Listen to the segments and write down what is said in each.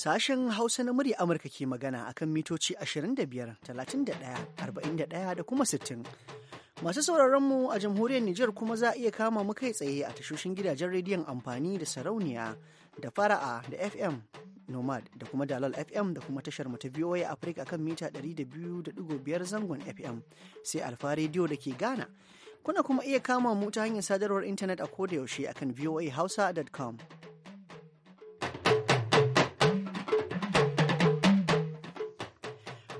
Sashen Hausa na murya Amurka ke magana akan mitoci 25, 31, 41 da kuma 60. Masu sauraronmu a jamhuriyar Nijar kuma za a iya kama mu kai tsaye a tashoshin gidajen rediyon amfani da sarauniya da fara'a da FM Nomad da kuma Dalal FM da kuma tashar ta VOA Africa kan mita 200.5 zangon FM sai Alfa rediyo da ke Ghana. Kuna kuma iya kama mu ta hanyar sadarwar intanet a kodayaushe akan voahausa.com.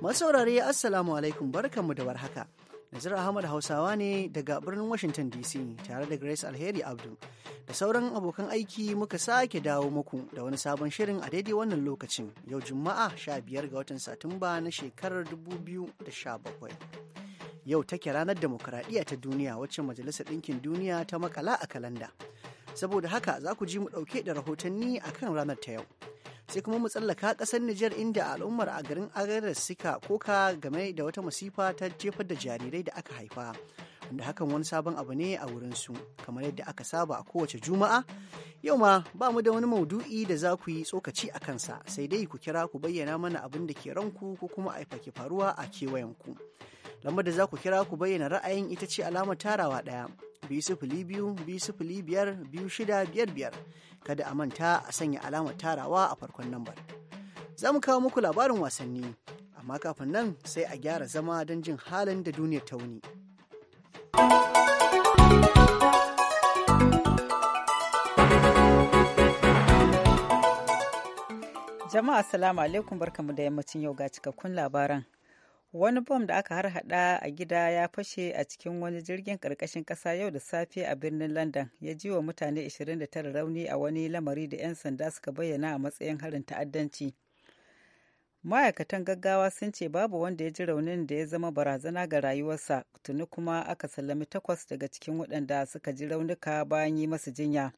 masaurare Assalamu alaikum barkanmu da warhaka. Nazir Ahmad Hausawa ne daga birnin Washington DC tare da Grace Alheri Abdu da sauran abokan aiki muka sake dawo muku da wani sabon shirin a daidai wannan lokacin yau Juma'a sha biyar ga watan Satumba na shekarar da sha bakwai. Yau take ranar demokuraɗiyya ta duniya wacce Majalisar Ɗinkin Duniya ta makala a kalanda. Saboda haka za ku ji mu ɗauke da rahotanni akan ranar ta yau. sai kuma mu tsallaka ƙasar Nijar inda al'ummar a garin Agadez suka koka game da wata masifa ta jefar da jarirai da aka haifa. Wanda hakan wani sabon abu ne a wurin su kamar yadda aka saba a kowace juma'a. Yau ma ba mu da wani maudu'i da za ku yi tsokaci a kansa sai dai ku kira ku bayyana mana abin da ke ranku ko kuma a ke faruwa a kewayen ku Lambar da za ku kira ku bayyana ra'ayin ita ce alamar tarawa ɗaya biyu sifili biyu biyu sifili biyar biyu shida biyar biyar. kada a manta a sanya alamar tarawa a farkon lambar. Za mu kawo muku labarin wasanni, amma kafin nan sai a gyara zama don jin halin da duniyar ta wuni. Jama'a salamu alaikum barkamu da yammacin yau ga cikakkun labaran. wani bom da aka harhaɗa a gida ya fashe a cikin wani jirgin ƙarƙashin ƙasa yau da safe a birnin london ya ji wa mutane 29 rauni a wani lamari da 'yan sanda suka bayyana a matsayin harin ta'addanci ma'aikatan gaggawa sun ce babu wanda ya ji raunin da ya zama barazana ga rayuwarsa tuni kuma aka sallami takwas daga cikin waɗanda suka ji raunuka bayan yi masu jinya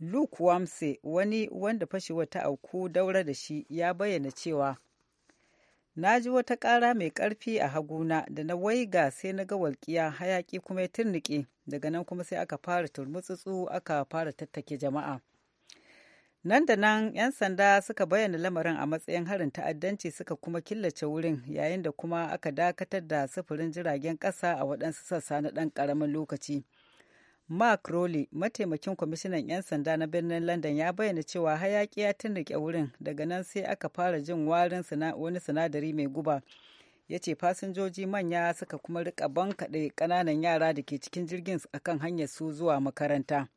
luke wamse wani wanda fashewar ta auku daura da shi ya bayyana cewa na ji wata ƙara mai ƙarfi a haguna da na waiga sai na ga walƙiya hayaƙi kuma ya turnike daga nan kuma sai aka fara turmutsutsu aka fara tattake jama'a nan da nan 'yan sanda suka bayyana lamarin a matsayin harin ta'addanci suka kuma killace wurin yayin da kuma aka dakatar da sufurin jiragen ƙasa a waɗansu sassa na ɗan ƙaramin lokaci Mark Rowley, mataimakin kwamishinan 'yan sanda na birnin London ya bayyana cewa hayaki ya tunrike wurin daga nan sai aka fara jin warin wani sinadari mai guba. Ya ce fasinjoji manya suka kuma rika bankaɗe ƙananan yara da ke cikin jirgin akan hanyar su zuwa makaranta.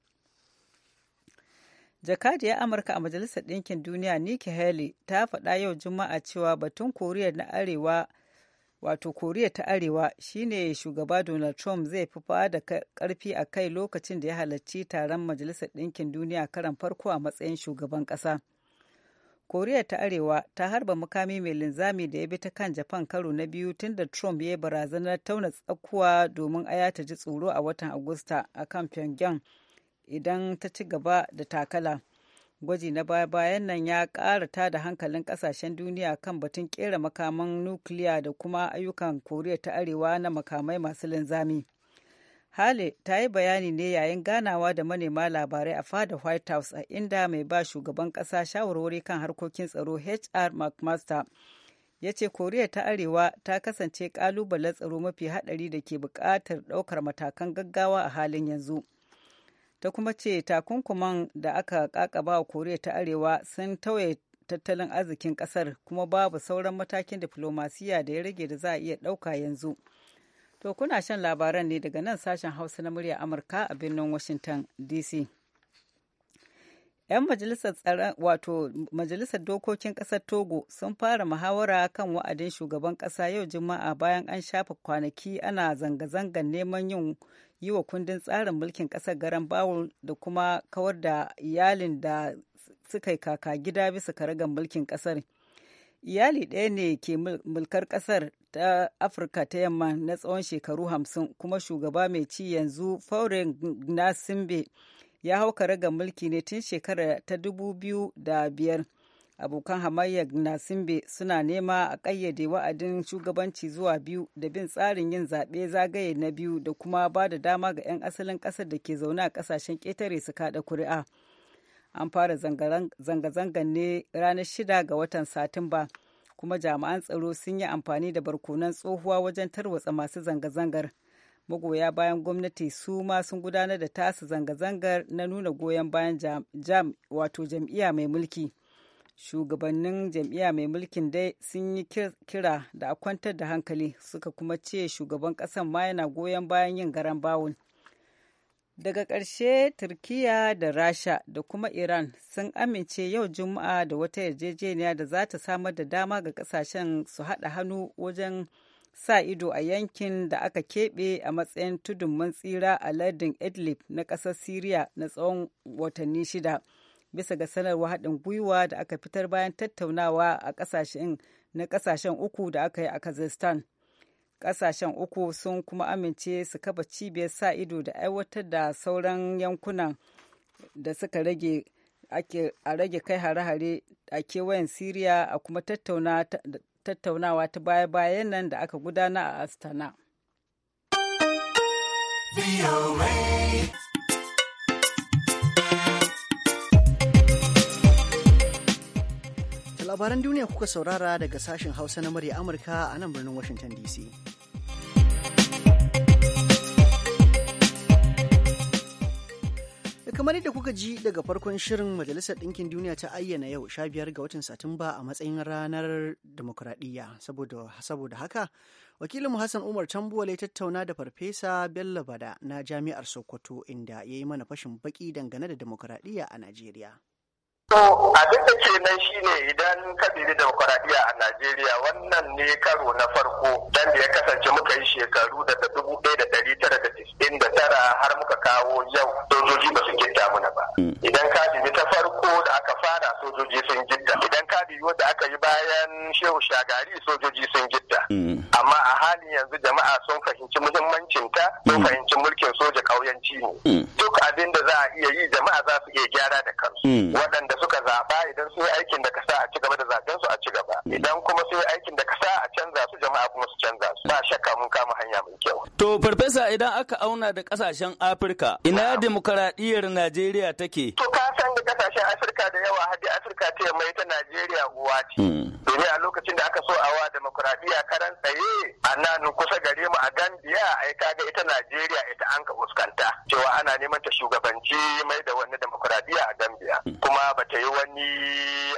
jakadiyar amurka a majalisar ɗinkin duniya nikki haley ta faɗa yau juma'a cewa batun koriya na arewa wato koriya ta arewa shine shugaba donald trump zai fi da karfi a kai lokacin da ya halarci taron majalisar ɗinkin duniya karan farko a matsayin shugaban ƙasa koriya ta arewa ta harba mukami mai linzami da ya bi ta kan japan karo na biyu tun da trump ya yi barazanar tauna tsakuwa domin aya ta ji tsoro a watan agusta a kan pyongyang idan ta ci gaba da takala Gwaji na baya-bayan nan ya ƙara da hankalin ƙasashen duniya kan batun ƙera makaman nukiliya da kuma ayyukan Koriya ta Arewa na makamai masu linzami. Hale ta yi bayani ne yayin ganawa da manema labarai a fada White House a inda mai ba shugaban ƙasa shawarwari kan harkokin tsaro HR McMaster ya ce Koriya ta Arewa ta kasance ƙalubalen tsaro mafi haɗari da ke buƙatar ɗaukar matakan gaggawa a halin yanzu. ta kuma ce takunkuman da aka kakaba wa koriya ta arewa sun tauye tattalin arzikin kasar kuma babu sauran matakin diflomasiya da ya rage da za a iya ɗauka yanzu to kuna shan labaran ne daga nan sashen hausa na murya amurka a birnin washington dc 'Yan majalisar tsaron wato majalisar dokokin ƙasar Togo sun fara muhawara kan wa'adin shugaban ƙasa yau Juma'a bayan an shafa kwanaki ana zanga-zangar neman yin yi wa kundin tsarin mulkin ƙasar garan bawul da kuma kawar da iyalin da suka kaka gida bisa karagar mulkin ƙasar. Iyali ɗaya ne ke mulkar ƙasar ta Afirka ta yamma na tsawon shekaru hamsin kuma shugaba mai ci yanzu Faure simbe ya hau ga mulki ne tun shekara ta dubu biyu da biyar abokan hamayyar nasimbe suna nema a ƙayyade wa'adin shugabanci zuwa biyu da bin tsarin yin zaɓe zagaye na biyu da kuma ba da dama ga 'yan asalin ƙasar da ke zaune a ƙasashen ƙetare su kaɗa kuri'a an fara zanga-zangan ne ranar shida ga watan satumba kuma jami'an tsaro sun yi amfani da barkonan tsohuwa wajen tarwatsa masu zanga-zangar. zanga zangar magoya bayan gwamnati su ma sun gudanar da tasa zanga-zangar na nuna goyon bayan jam, wato jam'iyya mai mulki shugabannin jam'iyya mai mulkin dai sun yi kira da a kwantar da hankali suka kuma ce shugaban kasan ma yana goyon bayan yin garan bawun daga ƙarshe turkiya da rasha da kuma iran sun amince yau juma'a da wata yarjejeniya da za ta samar da dama ga kasashen su haɗa hannu wajen sa ido a yankin da aka keɓe a matsayin tudun man tsira a lardin idlib na ƙasar siriya na tsawon watanni shida bisa ga sanarwa haɗin gwiwa da aka fitar bayan tattaunawa a ƙasashen na ƙasashen uku da aka yi a kazakhstan ƙasashen uku sun kuma amince su kafa cibiyar sa ido da aiwatar da sauran yankunan da suka rage a rage kai hare-hare a kewayen Siriya a kuma tattauna tattaunawa ta baya-bayan nan da aka gudana a Astana. Labaran duniya kuka saurara daga sashen Hausa na murya Amurka a nan birnin Washington DC. kamar yadda kuka ji daga farkon shirin majalisar ɗinkin duniya ta ayyana yau sha biyar ga watan satumba a matsayin ranar demokuraɗiyya saboda haka wakilinmu hassan umar ya tattauna da farfesa bello bada na jami'ar sokoto inda ya yi mana fashin baki dangane da demokuraɗiyya a najeriya To abin da ke nan shine idan kabiri bibi a Najeriya wannan ne karo na farko dan da ya kasance muka yi shekaru daga dubu ɗaya da ɗari tara da tisɗin da tara har muka kawo yau sojoji ba su gidda muna ba. Mm. Idan ka ta farko da aka fara sojoji sun gidda. Idan kabiri wadda aka yi bayan Shehu Shagari sojoji sun gita. Mm. Amma a halin yanzu jama'a sun fahimci muhimmancinta sun mm. fahimci mulkin soja ƙauyanci ne. Duk abin da za a iya yi jama'a za su iya gyara da kansu. Waɗanda suka zaba idan su yi aikin da ka sa a ci gaba da zaben su a ci gaba idan kuma su yi aikin da ka sa a canza su jama'a kuma su canza su ba shakka mun kama hanya mai kyau. To farfesa idan aka auna da kasashen Afirka ina demokaradiyyar Najeriya take? To kasashen afirka da yawa hadi afirka ta yamma ita najeriya uwa ce hmm. domin a lokacin da aka so a wa demokuraɗiyya karan tsaye a nan kusa gare mu a gambia ai kaga ita najeriya ita an ka fuskanta cewa ana neman ta shugabanci mai da wani demokuraɗiyya a gambia hmm. kuma ba ta yi wani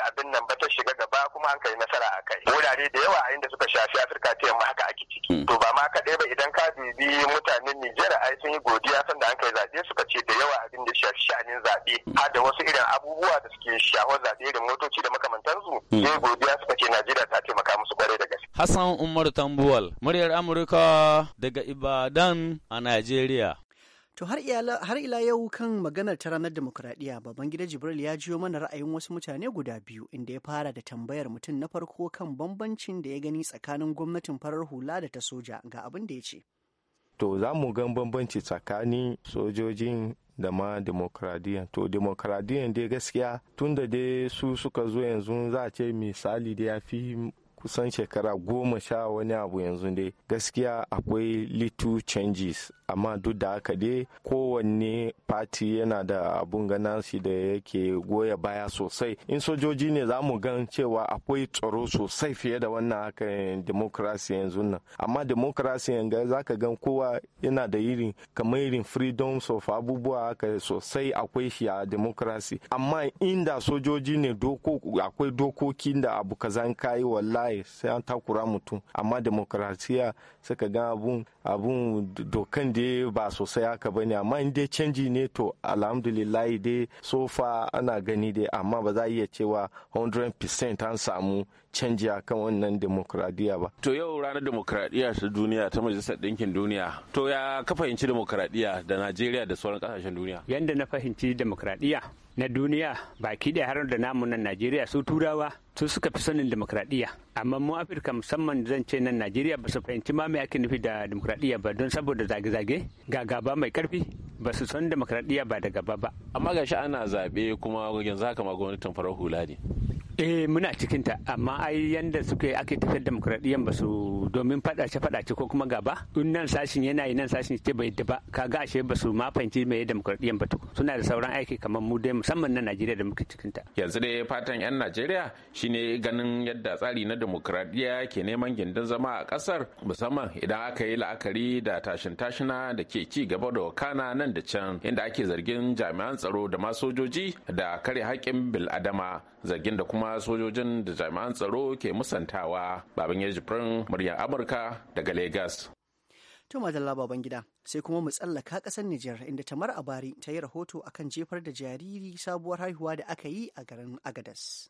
abin nan ba ta shiga gaba kuma an kai nasara a kai wurare da yawa a inda suka shafi afirka ta yamma haka ake ciki hmm. to ba ma kaɗai ba idan ka bibi mutanen nijar ai sun yi godiya sanda an kai zaɓe suka ce da yawa abin da shafi sha'anin zaɓe har wasu irin dukkan abubuwa da suke shawar zaɓe da motoci da makamantansu hmm. sai godiya suka ce Najeriya ta taimaka musu kwarai da gaske. Hassan Umar Tambuwal, muryar Amurka daga Ibadan a Najeriya. To har ila yau kan maganar ta ranar demokuraɗiyya babban gida Jibril ya jiyo mana ra'ayin wasu mutane guda biyu inda ya fara da tambayar mutum na farko kan bambancin da ya gani tsakanin gwamnatin farar hula da ta soja ga abin da ya ce. To za mu gan bambanci tsakanin sojojin da ma demokradiyan to demokradiyan dai gaskiya tun da dai su suka zo yanzu za a ce misali da ya fi kusan shekara goma sha wani abu yanzu dai gaskiya akwai little changes amma duk da haka dai kowanne fati yana da abun gana shi da yake goya baya sosai in sojoji ne za mu gan cewa akwai tsaro sosai fiye da wannan haka eh, democracy yanzu nan amma democracy yanga za ka gan kowa yana da irin kamar irin freedoms of abubuwa haka sosai akwai shi a democracy amma inda sojoji ne akwai dokokin da abu kaza kayi wallahi ra'ayi sai an takura mutum amma demokrasiya suka ga abun abun dokan da ba sosai haka ba ne amma in dai canji ne to alhamdulillahi dai sofa ana gani dai amma ba za iya cewa 100% an samu canji a kan wannan demokradiyya ba. To yau ranar demokradiyya ta duniya ta majalisar ɗinkin duniya. To ya ka fahimci demokradiyya da Najeriya da sauran kasashen duniya? yadda na fahimci demokradiyya na duniya baki da har da namu nan Najeriya su turawa su suka fi sanin demokradiyya amma mu Afirka musamman zan ce nan Najeriya ba su fahimci ma me ake nufi da demokradiyya ba don saboda zage-zage ga gaba mai karfi ba su san demokradiyya ba da gaba ba amma gashi ana zabe kuma yanzu haka ma gwamnatin farar hula ne eh muna cikin ta amma ai yanda suke ake tafiyar demokradiyyan ba su domin fadace fadace ko kuma gaba in nan sashin yana yi nan sashin ce bai da ba kaga ashe ba su ma fahimci mai demokradiyyan ba to suna da sauran aiki kamar mu dai musamman na Najeriya da muke cikin yanzu dai fatan yan Najeriya shine ganin yadda tsari na demokradiyya ke neman gindin zama a kasar musamman idan aka yi la'akari da tashin tashina da ke ci gaba da wakana nan da can inda ake zargin jami'an tsaro da masojoji da kare haƙƙin bil'adama zargin da kuma kuma sojojin da jami'an tsaro ke musantawa baban yaji muryar amurka daga lagos to madalla baban gida sai kuma mu tsallaka kasar Nijar inda Tamar Abari ta yi rahoto akan jefar da jariri sabuwar haihuwa da aka yi a garin Agadas.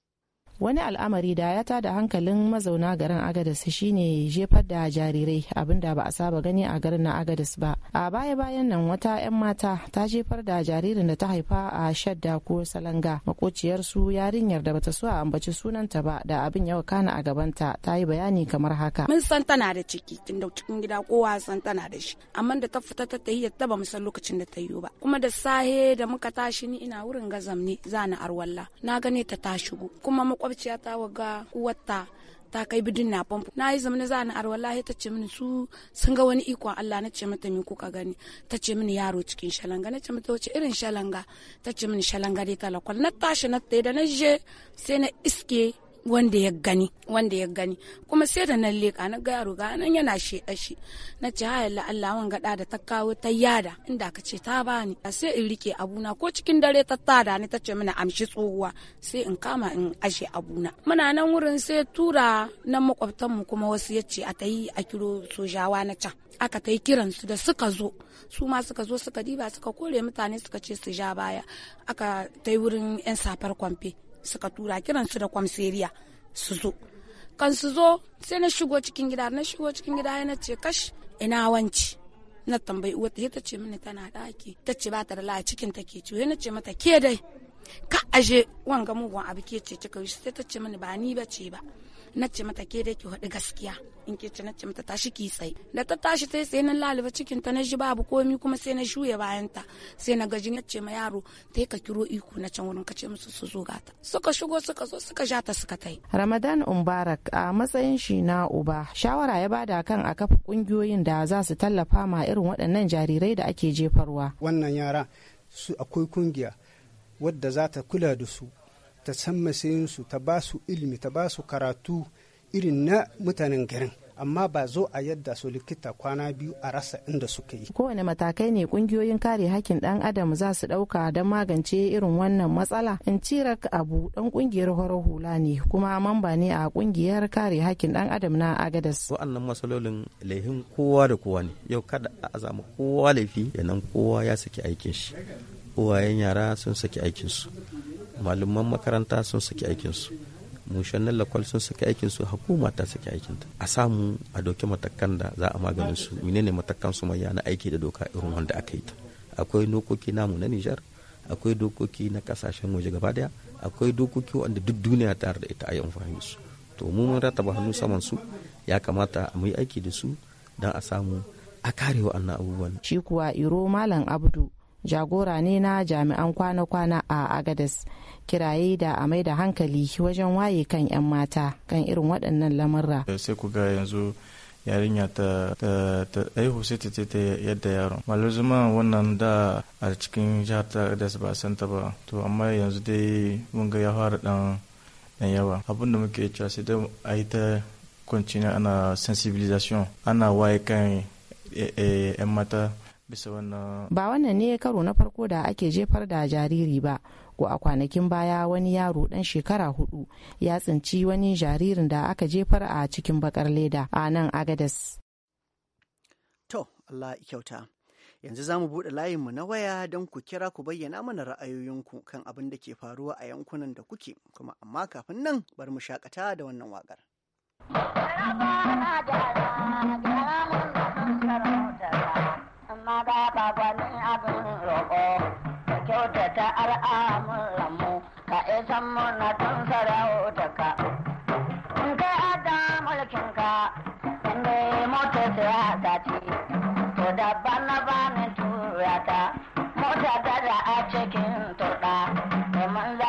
wani al'amari da ya tada hankalin mazauna garin agadas shine jefar da jarirai abinda ba a saba gani a garin na agadas ba a baya bayan nan wata 'yan mata ta jefar da jaririn da ta haifa a shadda ko salanga makociyar su yarinyar da bata so a ambaci sunanta ba da abin yawa kana a gabanta ta yi bayani kamar haka mun san tana da ciki da cikin gida kowa san tana da shi amma da ta fita ta tayi ta ba mu san lokacin da ta yi ba kuma da sahe da muka tashi ni ina wurin gazam ne zana arwalla na gane ta ta shigo kuma makwabciya ta waga uwarta ta kai bidin na famfo na yi na za na arwallahi ta ce mini su sun ga wani ikon Allah na ce mata min kuka gani ta ce mini yaro cikin shalanga na ce mata wace irin shalanga ta ce mini shalanga dai talakwal na tashi na da na je sai na iske wanda ya gani wanda ya gani kuma sai da nan leka na ga yaro nan yana a shi na ce ha yalla Allah wanga da da ta kawo ta yada inda ka ce ta bani sai in rike abuna ko cikin dare ta tada ni ta ce mana amshi tsohuwa sai in kama in ashe abuna muna nan wurin sai tura nan makwabtan mu kuma wasu yace a tayi a kiro sojawa na can aka ta yi su da suka zo su ma suka zo suka diba suka kore mutane suka ce su ja baya aka ta wurin 'yan safar kwamfe suka tura kiran su da kwamseriya su zo kan su zo sai na shigo cikin gida na shigo cikin gida na ce kash ina wanci na tambayi uwa ta ce mini tana daki ta ce ba ta da la'a cikin take ya na ce mata ke dai ka aje wanga mugun abu ke ce kika sai ta ce mini ba ni ba ce ba na ce mata ke dai ki haɗu gaskiya in ke ce na ce mata tashi ki tsaye da ta tashi sai sai na laliba cikin ta na ji babu komi kuma sai na shuye bayan ta sai na gaji na ma yaro ta ka kiro iko na can wurin ka ce musu su zo gata suka shigo suka zo suka ja ta suka tai Ramadan Umbarak a matsayin shi na uba shawara ya bada kan a kafa kungiyoyin da za su tallafa ma irin waɗannan jarirai da ake jefarwa wannan yara su akwai kungiya wadda za ta kula da su ta san matsayinsu ta ba su ilimi ta ba su karatu irin na mutanen garin amma ba zo a yadda su likita kwana biyu a rasa inda suka yi. Kowane matakai ne kungiyoyin kare hakkin ɗan adam za su ɗauka don magance irin wannan matsala. In cirak abu ɗan kungiyar horo hula ne kuma mamba ne a kungiyar kare hakkin ɗan adam na agadas. Wa'annan matsalolin laifin kowa da kowa ne. Yau kada a zama kowa laifi yanan kowa ya saki aikin shi. Uwayen yara sun saki aikin su. malaman makaranta sun saki aikinsu mushannin lakwal sun saki aikinsu hukuma ta saki aikinta a samu a doki matakan da za a maganin su menene matakan su mai na aiki da doka irin wanda aka yi ta akwai dokoki namu na nijar akwai dokoki na kasashen waje gaba daya akwai dokoki wanda duk duniya tare da ita a yi amfani su to mu mun ba hannu saman su ya kamata mu yi aiki da su don a samu a kare wa'annan abubuwan shi kuwa iro malam abdu jagora ne na jami'an kwana-kwana a agadas kiraye da a mai da hankali wajen waye kan 'yan mata kan irin waɗannan lamurra eh, sai ku ga yanzu yarinya ta aihu sai ta ce ta yadda yaron malazuma wannan da a cikin jihar ta agadas ba san ta ba to amma yanzu dai mun ga ya fara dan yawa abin da muke cewa sai dai a yi ta kwanciya ana sensibilisation ana waye kan eh, eh, 'yan mata ba wannan ne karo na farko da ake jefar da jariri ba ko a kwanakin baya wani yaro dan shekara hudu ya tsinci wani jaririn da aka jefar a cikin bakar leda a nan agadas to allah kyauta yanzu za mu buɗe layinmu na waya don ku kira ku bayyana mana ra'ayoyinku kan abin da ke faruwa a yankunan da kuke kuma amma kafin nan bar mu shakata da wannan wakar. da maza ka gwani abin roƙo ka kyautata ka na tun sarautaka in kai ada mulkinka inda yi mota siyasa ce to na bani turata mota da a cikin turɗa domin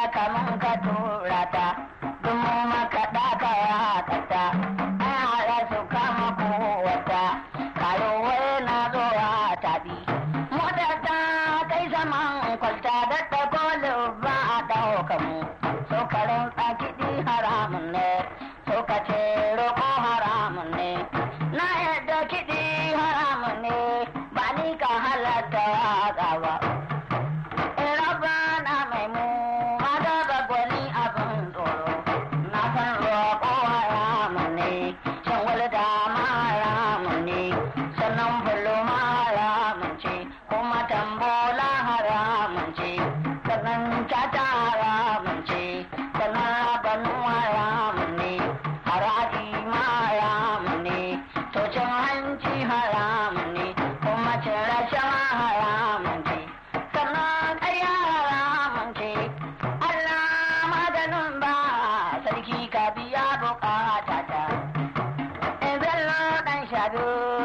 qualità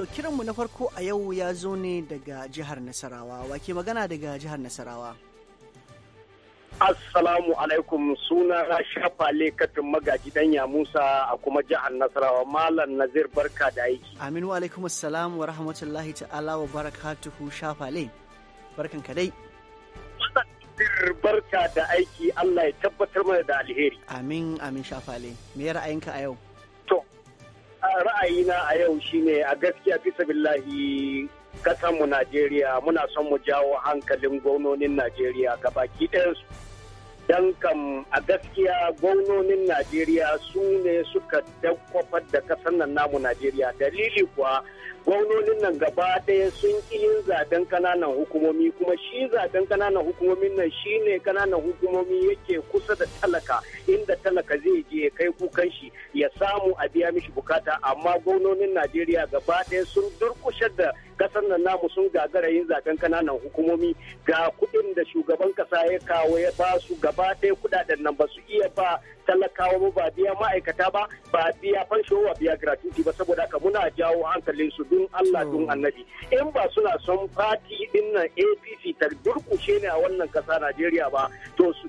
To kiranmu na farko a yau ya zo ne daga jihar Nasarawa. Wake magana daga jihar Nasarawa. Assalamu alaikum suna shafa lekatin magaji ya Musa a kuma jihar Nasarawa Malam Nazir barka da aiki. Aminu alaikum assalamu wa rahmatullahi ta'ala wa barakatuhu shafa le. Barkan ka dai. barka da aiki Allah ya tabbatar mana da alheri. Amin amin shafa le. Me ra'ayinka a yau? ra'ayina a yau shine a gaskiya bisa billahi kasanmu Najeriya muna son mu jawo hankalin gwamnonin Najeriya ga baki ɗayansu. Don kam a gaskiya gwamnonin Najeriya su ne suka dakkwafar da kasan nan namu Najeriya dalili kuwa gwamnonin nan gaba ɗaya sun ƙi yin zaben kananan hukumomi kuma shi zaben kananan hukumomin nan shi ne kananan hukumomi yake kusa da talaka inda talaka zai je kai kukan shi ya samu a biya mishi bukata amma gwamnonin najeriya gaba ɗaya sun durkushar da kasar nan namu sun gagara yin zaben kananan hukumomi ga kuɗin da shugaban kasa ya kawo ya ba su gaba ɗaya kuɗaɗen nan ba su iya ba talakawa ba biya ma'aikata ba ba biya fansho biya gratuity ba saboda haka muna jawo hankalin su dun Allah dun annabi in ba suna son fati din nan APC ta durkushe ne a wannan kasa Najeriya ba to su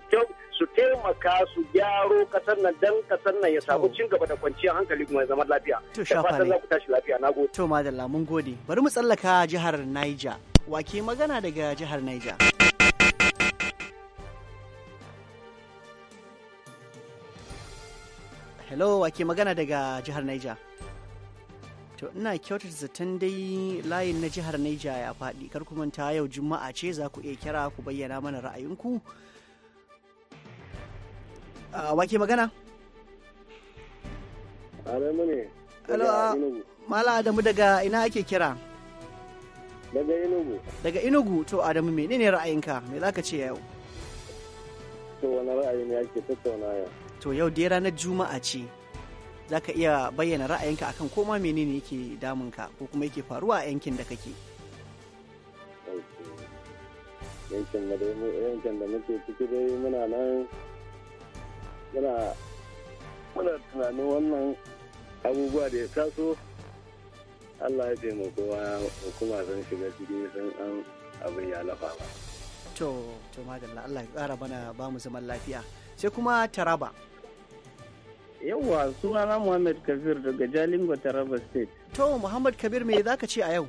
su taimaka su gyaro kasar nan dan kasar nan ya samu cin gaba da kwanciyar hankali kuma zaman lafiya to sha fa za ku tashi lafiya nagode to madalla mun gode bari mu tsallaka jihar Niger wake magana daga jihar Niger Hello, wake magana daga jihar Niger. to ina kyautata zaton dai layin na jihar Niger ya faɗi kar kuma manta yau juma'a ce za ku iya kira ku bayyana mana ra'ayinku a ah, wake magana Hello, ah, Mala Adamu daga ina ake kira? Daga Inugu. Daga Inugu, to Adamu menene ra'ayinka? Me za ka ce yau? To wani ra'ayi ne ake tattauna yau? To yau dai ranar Juma'a ce. za ka iya bayyana ra'ayinka akan koma menene yake damunka ko kuma yake faruwa a yankin da kake yankin da yankin da muke ciki dai muna nan muna muna tunanin wannan abubuwa da ya taso Allah ya taimako wa hukuma san shiga ciki san an abin ya lafa ba to to madalla Allah ya kara bana ba mu zaman lafiya sai kuma taraba suna sunana Muhammad Kabir daga Jalingo Taraba State. To Muhammad Kabir me za ka ce a yau?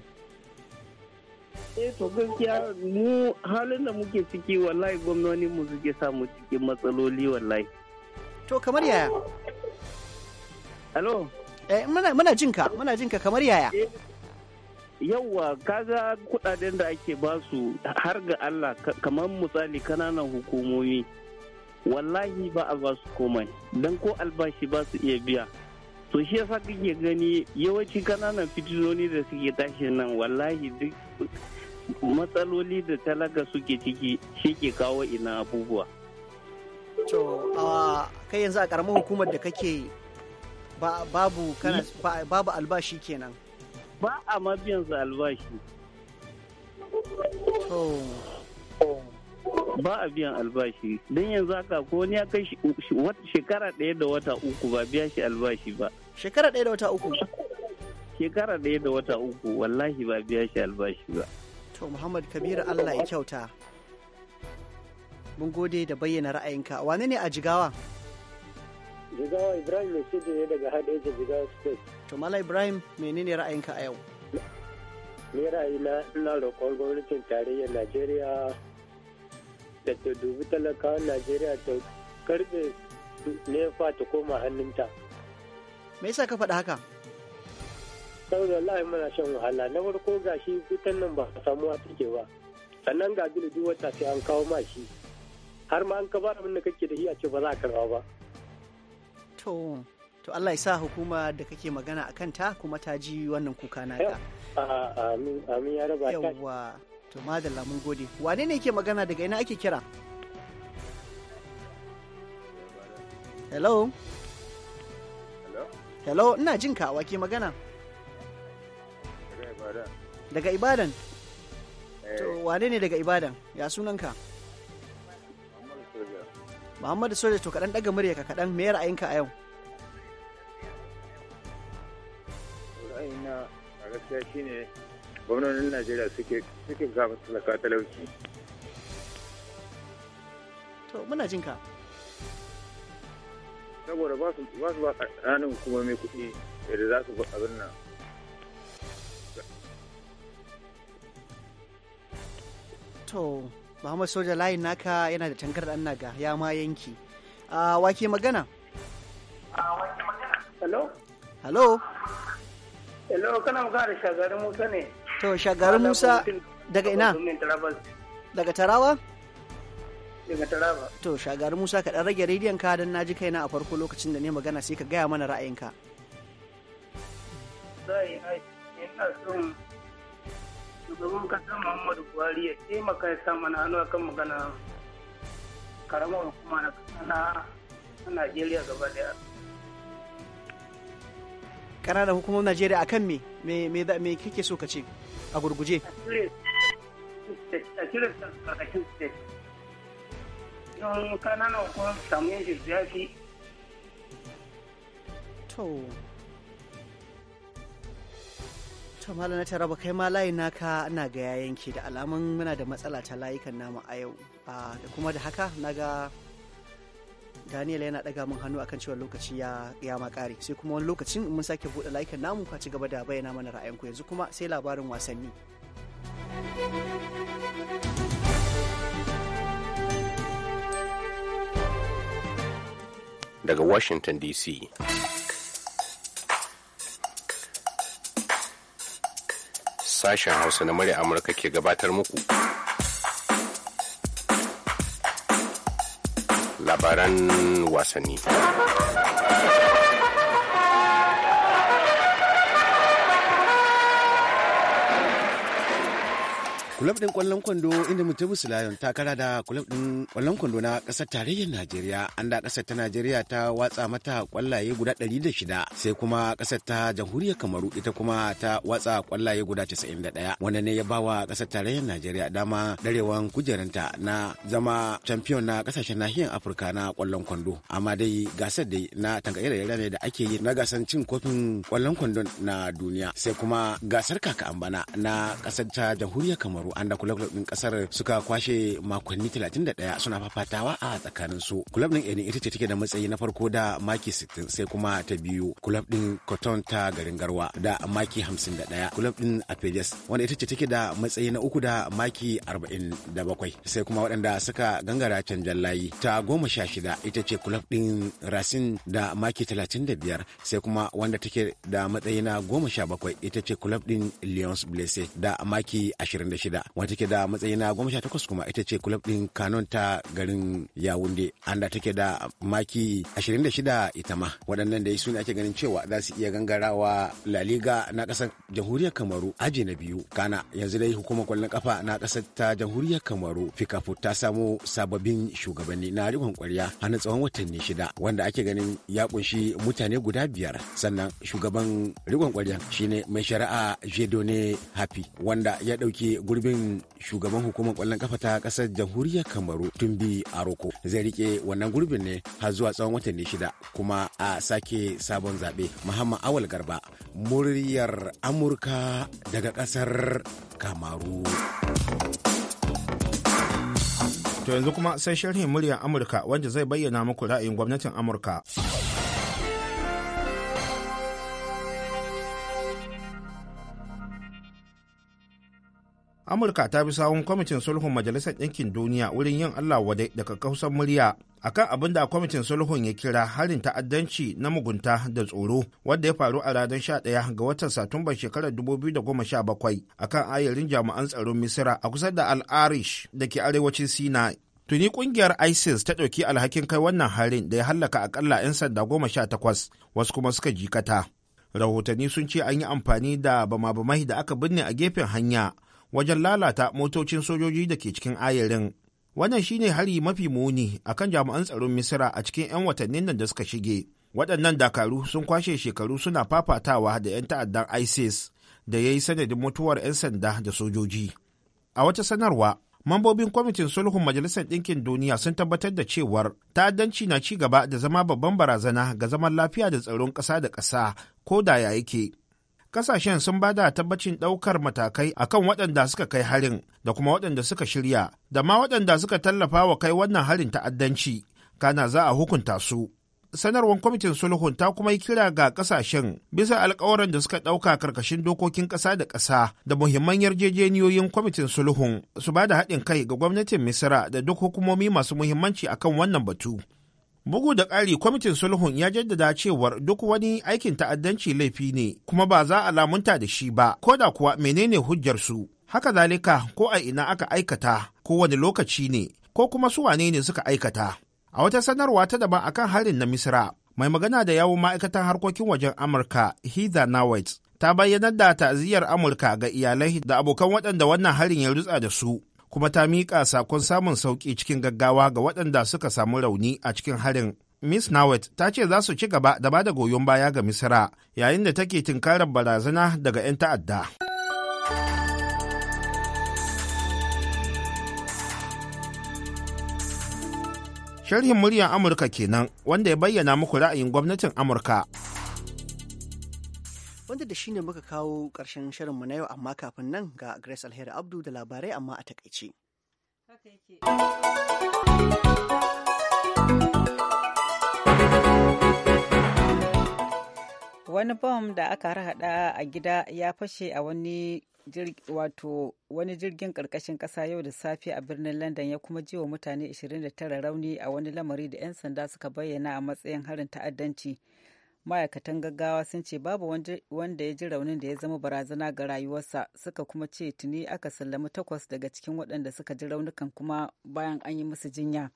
Eh to gaskiya mu halin da muke ciki wallahi gwamnoni mu suke samu cikin matsaloli wallahi. To kamar yaya? Hello? Eh muna muna jinka muna jinka kamar yaya? Eh, yauwa kaga kudaden da ake basu har ga Allah kamar misali kananan hukumomi wallahi ba a ba su komai don ko albashi ba su iya biya to shi yasa kake gani yawanci kananan fitinoni da suke tashi nan wallahi duk matsaloli da talaka suke ciki shi ke kawo ina abubuwa to kai yanzu a karamar hukumar da kake babu babu albashi kenan ba a mabiyansa albashi to ba a biyan albashi don yanzu haka ko wani ya kai shekara ɗaya da wata uku ba biya shi albashi ba shekara ɗaya da wata uku shekara ɗaya da wata uku wallahi ba biya shi albashi ba to muhammad kabiru allah ya kyauta mun gode da bayyana ra'ayinka wane ne a jigawa jigawa ibrahim mai ne daga hadeja jigawa state to mala ibrahim menene ra'ayinka a yau ni ra'ayina ina roƙon gwamnatin tarayyar najeriya da ta dubi talakawan najeriya ta karbe nefa ta koma hannunta me yasa ka faɗa haka saboda ya mana shan wahala na farko gashi wutan nan ba samu a take ba sannan ga bilu duk wata sai an kawo ma shi har ma an ka ba abin da kake da shi a ce ba za a karba ba to to Allah ya sa hukuma da kake magana a kanta kuma ta ji wannan kuka naka. Amin ya raba ta. to madalla mun gode wane ne ke magana daga ina ake kira hello hello ina jin ka wake magana daga ibadan to eh. wane ne daga ibadan ya sunanka muhammadu soja to kaɗan ɗaga murya ka kaɗan me ra'ayinka a yau a gaskiya shine gwamnonin najeriya suke suke gaba talaka talauci to muna jin ka saboda ba su ba su ba ranar hukumomi kuɗi da za su abin nan to Muhammad Soja layin naka yana da tankar dan naga ya ma yanki. Uh, ah, wake ah, magana? Hello? Hello? Hello, kana magana shagari Musa ne. To, shagari Musa daga ina? Daga Tarawa? Daga Tarawa. To, shagari Musa ka rage rediyon ka don naji kaina a farko lokacin da ne magana sai ka gaya mana ra'ayinka. Zai ina son shugaban kasar Muhammadu Buhari ya taimaka ya sa mana hannu akan magana karamar hukuma na Najeriya gaba daya. kananan hukumar najeriya akan me me kake so ka ce a gurguje a cire to na taraba kai ma layi naka ana ga yayanki da alamun muna da matsala ta layukan nama a yau ah, da kuma da haka na ga. daniel yana daga mun hannu akan cewa lokaci ya ya makare sai kuma wani lokacin mun sake buɗe laifin namu ka ci gaba da bayyana mana ra'ayinku yanzu kuma sai labarin wasanni daga washington dc sashen hausa na murya amurka ke gabatar muku labaran wasanni. kulab din kwallon kwando inda mutum lion ta kara da kulab din kwallon kwando na kasar tarayyar najeriya an da kasar ta najeriya ta watsa mata kwallaye guda 106 sai kuma kasar ta jamhuriyar kamaru ita kuma ta watsa kwallaye guda 91 wanda ne ya bawa kasar tarayyar najeriya dama darewan kujeranta na zama champion na kasashen nahiyar afirka na kwallon kwando amma dai gasar dai na tangayyar ne da ake yi na gasar cin kofin kwallon kwando na duniya sai kuma gasar kaka bana na kasar ta jamhuriyar kamaru wanda kulab din kasar suka kwashe makonni 31 suna fafatawa a tsakanin su kulab din eni ita ce take da matsayi na farko da maki 60 sai kuma ta biyu kulab din cotton ta garin garwa da maki 51 kulab din apeles wanda ita ce take da matsayi na uku da maki 47 sai kuma waɗanda suka gangara canjan layi ta goma sha shida ita ce kulab din rasin da maki 35 sai kuma wanda take da matsayi na goma sha bakwai ita ce kulab din leons blesse da maki 26 wata wanda take da matsayi na goma sha takwas kuma ita ce kulab ɗin kanon ta garin Yawunde anda take da maki ashirin da shida ita ma waɗannan da su ne ake ganin cewa za su iya gangarawa La Liga na ƙasar jamhuriyar Kamaru aji na biyu Kana yanzu dai hukumar kwallon kafa na ƙasar ta jamhuriyar Kamaru Fikafu ta samo sababbin shugabanni na rikon kwarya hannun tsawon watanni shida wanda ake ganin ya kunshi mutane guda biyar sannan shugaban rikon kwarya shine mai shari'a Jedone Happy wanda ya ɗauki gurbin gurbin shugaban hukumar kwallon kafa ta kasar jamhuriyar kamaru tumbi aroko zai rike wannan gurbin ne har zuwa tsawon watanni shida kuma a sake sabon zaɓe muhammad awal garba muryar amurka daga kasar kamaru to yanzu kuma sai sharhin muryar amurka wanda zai bayyana muku ra'ayin gwamnatin amurka amurka ta bi sawun kwamitin sulhun majalisar ɗinkin duniya wurin yin allah wadai daga kausar murya akan abin da kwamitin sulhun ya kira harin ta'addanci na mugunta da tsoro wadda ya faru a ranar 11 ga watan satumbar shekarar 2017 akan ayarin jami'an tsaron misira a kusa da al-arish da ke arewacin sinai tuni kungiyar isis ta ɗauki alhakin kai wannan harin da ya hallaka akalla 'yan sanda goma sha takwas wasu kuma suka jikata rahotanni sun ce an yi amfani da bama-bamai da aka binne a gefen hanya wajen lalata motocin sojoji da ke cikin ayarin. Wannan shi ne hari mafi muni a kan jami'an tsaron Misira a cikin 'yan watannin nan da suka shige. Waɗannan dakaru sun kwashe shekaru suna fafatawa da 'yan ta'addan ISIS da ya yi sanadin mutuwar 'yan sanda da sojoji. A wata sanarwa, mambobin kwamitin sulhun majalisar ɗinkin duniya sun tabbatar da cewar ta'addanci na ci gaba da zama babban barazana ga zaman lafiya da tsaron ƙasa da ƙasa ko da ya yake kasashen sun ba da tabbacin ɗaukar matakai a kan waɗanda suka kai harin da kuma waɗanda suka shirya da ma waɗanda suka tallafa wa kai wannan harin ta'addanci kana za a hukunta su sanarwar kwamitin sulhun ta kuma yi kira ga kasashen bisa alkawaran da suka ɗauka karkashin dokokin ƙasa da ƙasa da muhimman yarjejeniyoyin kwamitin sulhun su ba da haɗin kai ga gwamnatin misira da duk hukumomi masu muhimmanci akan wannan batu Bugu da ƙari kwamitin sulhun ya jaddada cewar duk wani aikin ta'addanci laifi ne kuma ba za a lamunta da shi ba ko da kuwa menene hujjarsu. Haka zalika ko a ina aka aikata ko wani lokaci ne ko kuma su wane ne suka aikata. A wata sanarwa ta daban akan harin na Misra, mai magana da yawon ma'aikatan harkokin wajen Amurka Heather Nawat ta bayyanar da ta'aziyar Amurka ga iyalai da abokan waɗanda wannan harin ya rutsa da su. kuma ta miƙa sakon samun sauƙi cikin gaggawa ga waɗanda suka samu rauni a cikin harin. Miss Nawat ta ce za su ci gaba da ba da goyon baya ga Misira yayin da take tunkarar barazana daga 'yan ta'adda. Sharhin muryar Amurka kenan wanda ya bayyana muku ra'ayin gwamnatin Amurka. wanda da shine muka kawo ƙarshen shirinmu na yau amma kafin nan ga Grace Alheri Abdu da labarai amma a takaice. Wani bom da aka harhaɗa a gida ya fashe a wani wato wani jirgin ƙarƙashin ƙasa yau da safe a birnin London ya kuma ji wa mutane 29 rauni a wani lamari da 'yan sanda suka bayyana a matsayin harin ta'addanci. ma'aikatan gaggawa sun ce babu wanda ya ji raunin da ya zama barazana ga rayuwarsa suka kuma ce tuni aka sallami takwas daga cikin waɗanda suka ji raunukan kuma bayan an yi musu jinya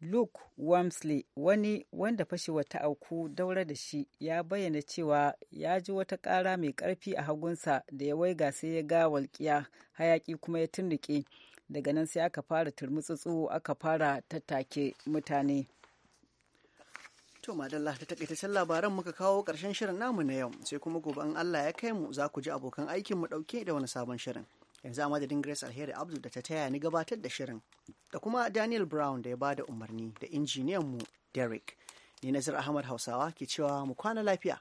luke wamsley wani wanda fashe wata auku daura da shi ya bayyana cewa ya ji wata ƙara mai ƙarfi a hagunsa da ya waiga sai ya ga walƙiya hayaƙi kuma ya tunnuƙe daga nan sai aka fara turmutsutsu aka fara tattake mutane To madalla taƙaita takaitaccen labaran muka kawo ƙarshen shirin namu na yau sai kuma gobe in Allah ya kai mu za ku ji abokan aikin mu ɗauke da wani sabon shirin. Yanzu a madadin Grace Alheri abdul da ta taya ni gabatar da shirin da kuma Daniel Brown da ya bada umarni da injiniyan mu Derek. Ni Nazir Ahmad Hausawa ke cewa mu kwana lafiya.